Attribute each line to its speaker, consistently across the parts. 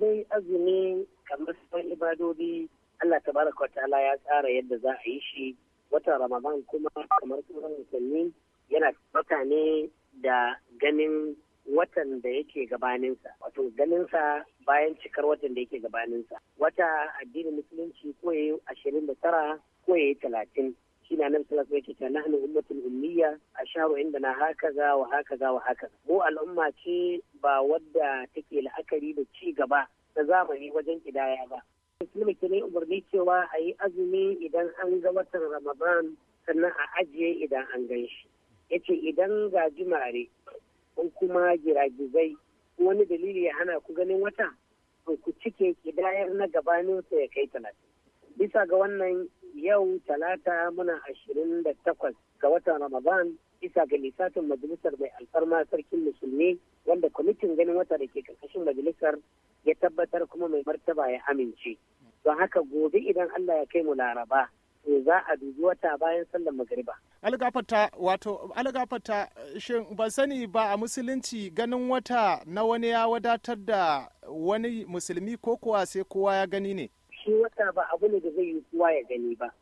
Speaker 1: dai azumi kamar sauran ibadodi Allah ta wa ta'ala ya tsara yadda za a yi shi Wata Ramadan kuma kamar sauran musulmi yana tabbata ne da ganin watan da yake gabaninsa wato ganinsa bayan cikar watan da yake gabaninsa wata addinin musulunci ko ashirin da tara ko yayi talatin shine annabi sallallahu alaihi wasallam nahnu ummatul ummiya na indana hakaza wa hakaza wa hakaza mu al'umma ce ba wadda take la'akari da ci gaba da zamani wajen kidaya ba musulmi ke ne umarni cewa a yi azumi idan an ga watan ramadan sannan a ajiye idan an gan shi yace idan ga jimare ko kuma giragizai wani dalili ya hana ku ganin wata ku cike kidayar na sa ya kai talatin bisa ga wannan yau talata muna ashirin da takwas ga watan ramadan bisa ga lissafin majalisar mai alfarma sarkin musulmi wanda kwamitin ganin wata da ke karkashin majalisar ya tabbatar kuma mai martaba ya amince don haka gobe idan allah ya kai mu laraba to za a dubi wata bayan sallar magariba
Speaker 2: algafata wato algafata shin ba sani ba a musulunci ganin wata na wani ya wadatar da wani musulmi ko kuwa sai kowa ya gani ne
Speaker 1: shi wata ba abu ne da zai yi kowa ya gani ba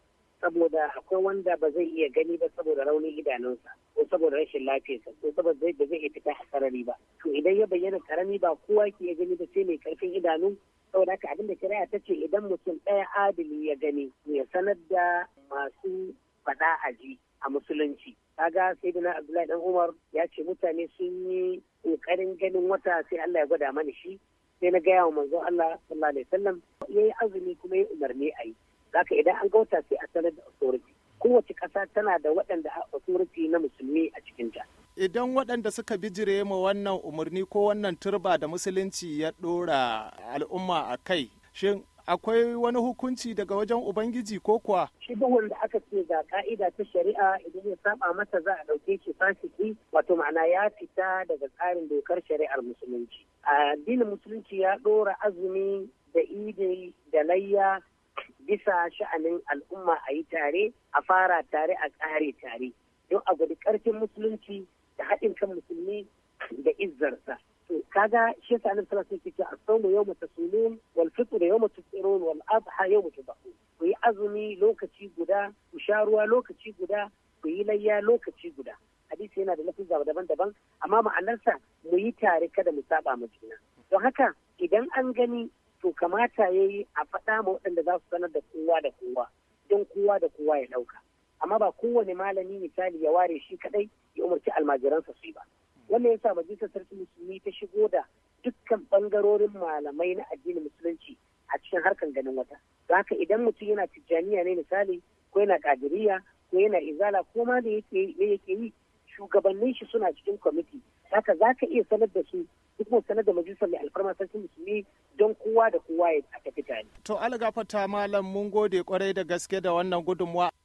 Speaker 1: saboda akwai wanda ba zai iya gani ba saboda raunin idanunsa ko saboda rashin lafiyarsa ko saboda zai zai iya fita a sarari ba to idan ya bayyana karami ba kowa ke gani ba sai mai karfin idanu saboda haka abinda shari'a ta ce idan mutum ɗaya adali ya gani ya sanar da masu faɗa a ji a musulunci kaga sai dina abdullahi dan umar ya ce mutane sun yi ƙoƙarin ganin wata sai allah ya gwada mana shi sai na gaya wa manzon Allah sallallahu alaihi wasallam yayi azumi kuma yayi umarni ayi zaka idan an gauta wata sai a sanar da authority kowace ƙasa tana da waɗanda authority na musulmi a cikin ta
Speaker 2: idan waɗanda suka bijire ma wannan umarni ko wannan turba da musulunci ya ɗora al'umma a kai shin akwai wani hukunci daga wajen Ubangiji ko kuwa?
Speaker 1: Shi bugun da aka ce ga ka'ida ta shari'a idan ya saba masa za a ɗauke shi fasiki wato ma'ana ya fita daga tsarin dokar shari'ar musulunci. Addinin musulunci ya ɗora azumi da idi da layya bisa sha'anin al'umma a yi tare a fara tare a ƙare tare don a gudu ƙarfin musulunci da haɗin kan musulmi da izzarsa. kaga shi sa'anin annabi sallallahu alaihi a yake yau mata tasulun da yau mutu tsiron wal adha yau mutu ba ku yi azumi lokaci guda ku sha ruwa lokaci guda ku yi layya lokaci guda hadisi yana da lafiya daban-daban amma ma'anarsa mu yi tare kada mu saba mu juna don haka idan an gani to kamata ya yi a faɗa ma waɗanda za su sanar da kowa da kowa don kowa da kowa ya ɗauka amma ba kowane malami misali ya ware shi kaɗai ya umarci almajiransa su ba wannan yasa majalisar sarki musulmi ta shigo da dukkan ɓangarorin malamai na addinin musulunci a cikin harkar ganin wata za haka idan mutum yana tijjaniya ne misali ko yana kadiriya ko yana izala ko ma da yake yi shugabannin shi suna cikin kwamiti haka za ka iya sanar da su duk mu sanar da majalisar mai alfarma sarkin musulmi don kowa da kowa ya tafi tare.
Speaker 2: to algafata malam mun gode kwarai da gaske da wannan gudunmuwa